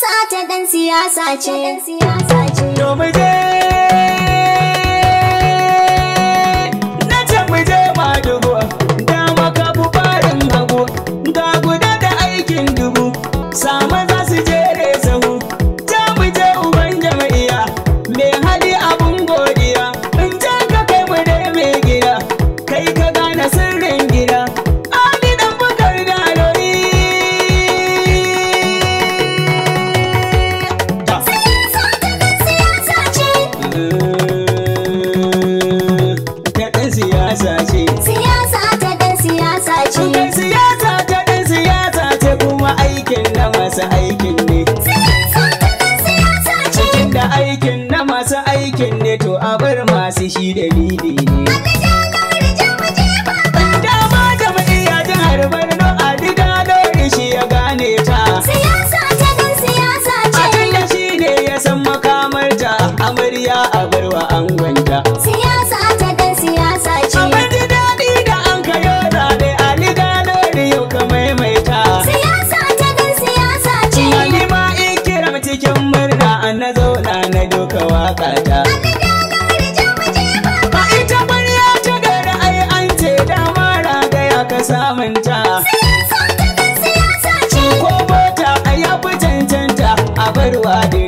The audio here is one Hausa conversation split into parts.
Sata dan siyasa ce. Domin dai. samun ta. Sai ya sa ta ta siyasa ce. ko bota a yafi cancanta a barwa da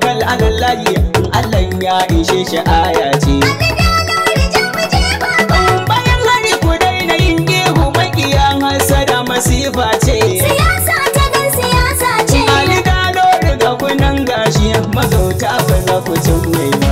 tawakkal alallahi Allah ya ishe shi aya ce bayan hari ku daina yin ihu maƙiya, hasada masifa ce siyasa ta gan siyasa ce ali gano daga kunan gashi magauta ba ku cin mai ba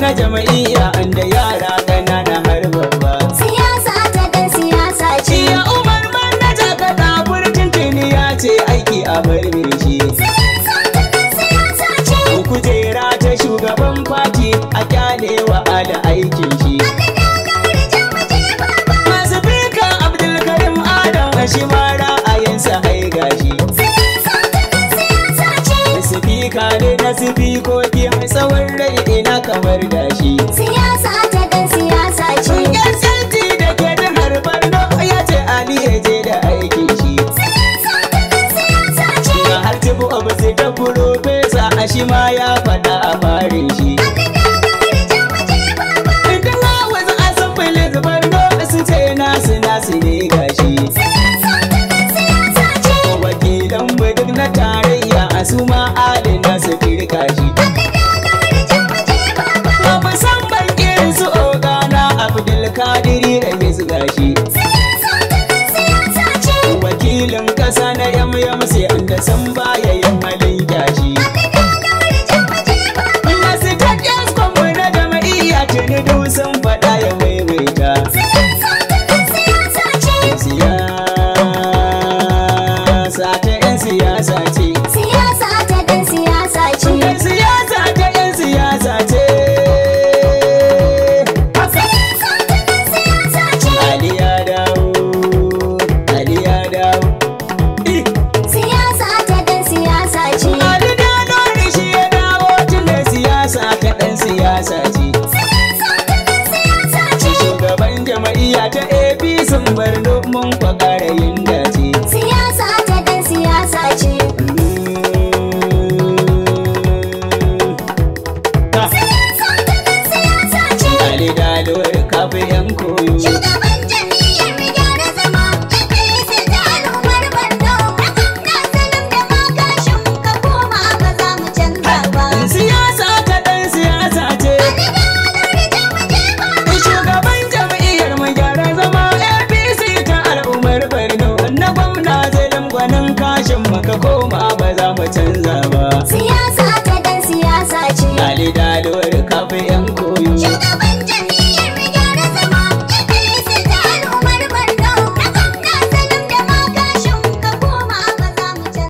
na jama'iyya See